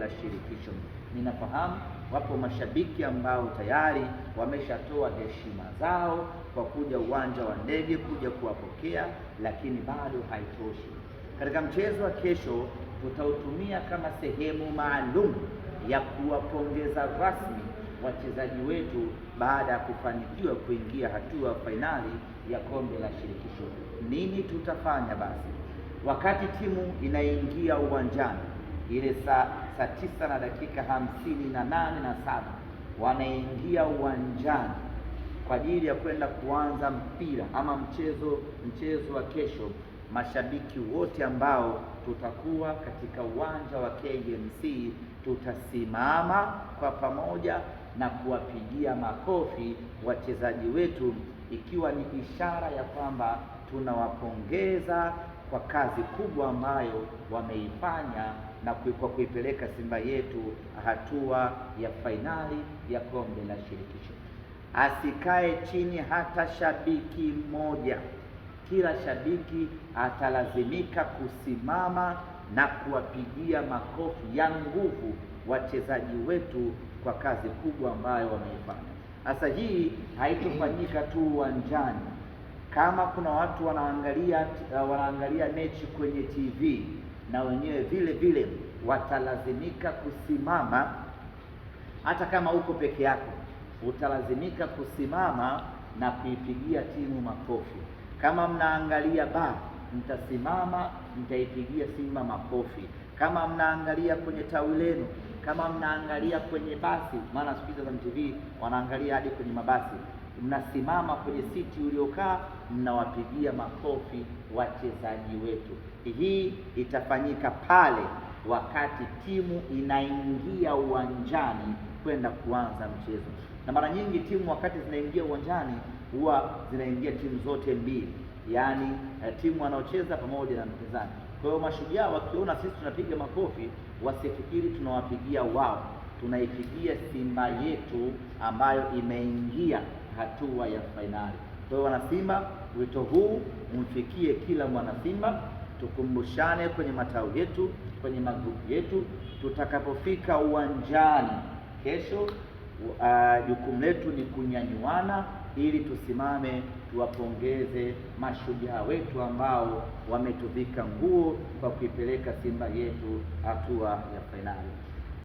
la shirikisho. Ninafahamu wapo mashabiki ambao tayari wameshatoa heshima zao kwa kuja uwanja wa ndege kuja kuwapokea, lakini bado haitoshi. Katika mchezo wa kesho, tutautumia kama sehemu maalum ya kuwapongeza rasmi wachezaji wetu baada ya kufanikiwa kuingia hatua fainali ya kombe la shirikisho. Nini tutafanya basi? Wakati timu inaingia uwanjani ile saa saa tisa na dakika hamsini na nane na saba wanaingia uwanjani kwa ajili ya kwenda kuanza mpira ama mchezo mchezo wa kesho. Mashabiki wote ambao tutakuwa katika uwanja wa KMC tutasimama kwa pamoja na kuwapigia makofi wachezaji wetu, ikiwa ni ishara ya kwamba tunawapongeza kwa kazi kubwa ambayo wameifanya na kwa kuipeleka Simba yetu hatua ya fainali ya kombe la shirikisho. Asikae chini hata shabiki mmoja, kila shabiki atalazimika kusimama na kuwapigia makofi ya nguvu wachezaji wetu kwa kazi kubwa ambayo wameifanya. Sasa hii haitofanyika tu uwanjani kama kuna watu wanaangalia uh, wanaangalia mechi kwenye TV na wenyewe vile vile watalazimika kusimama, hata kama uko peke yako, utalazimika kusimama na kuipigia timu makofi. Kama mnaangalia ba, mtasimama mtaipigia Simba makofi. Kama mnaangalia kwenye tawi lenu kama mnaangalia kwenye basi, maana siku hizi Azam TV wanaangalia hadi kwenye mabasi, mnasimama kwenye siti uliokaa, mnawapigia makofi wachezaji wetu. Hii itafanyika pale wakati timu inaingia uwanjani kwenda kuanza mchezo, na mara nyingi timu wakati zinaingia uwanjani huwa zinaingia timu zote mbili yaani eh, timu wanaocheza pamoja na mpinzani. Kwa hiyo mashujaa wakiona sisi tunapiga makofi, wasifikiri tunawapigia wao, tunaipigia Simba yetu ambayo imeingia hatua ya fainali. Kwa hiyo wanasimba, wito huu mfikie kila mwanasimba, tukumbushane kwenye matawi yetu, kwenye magrupu yetu, tutakapofika uwanjani kesho Uh, jukumu uh, letu ni kunyanyuana ili tusimame tuwapongeze mashujaa wetu ambao wametuvika nguo kwa kuipeleka Simba yetu hatua ya fainali.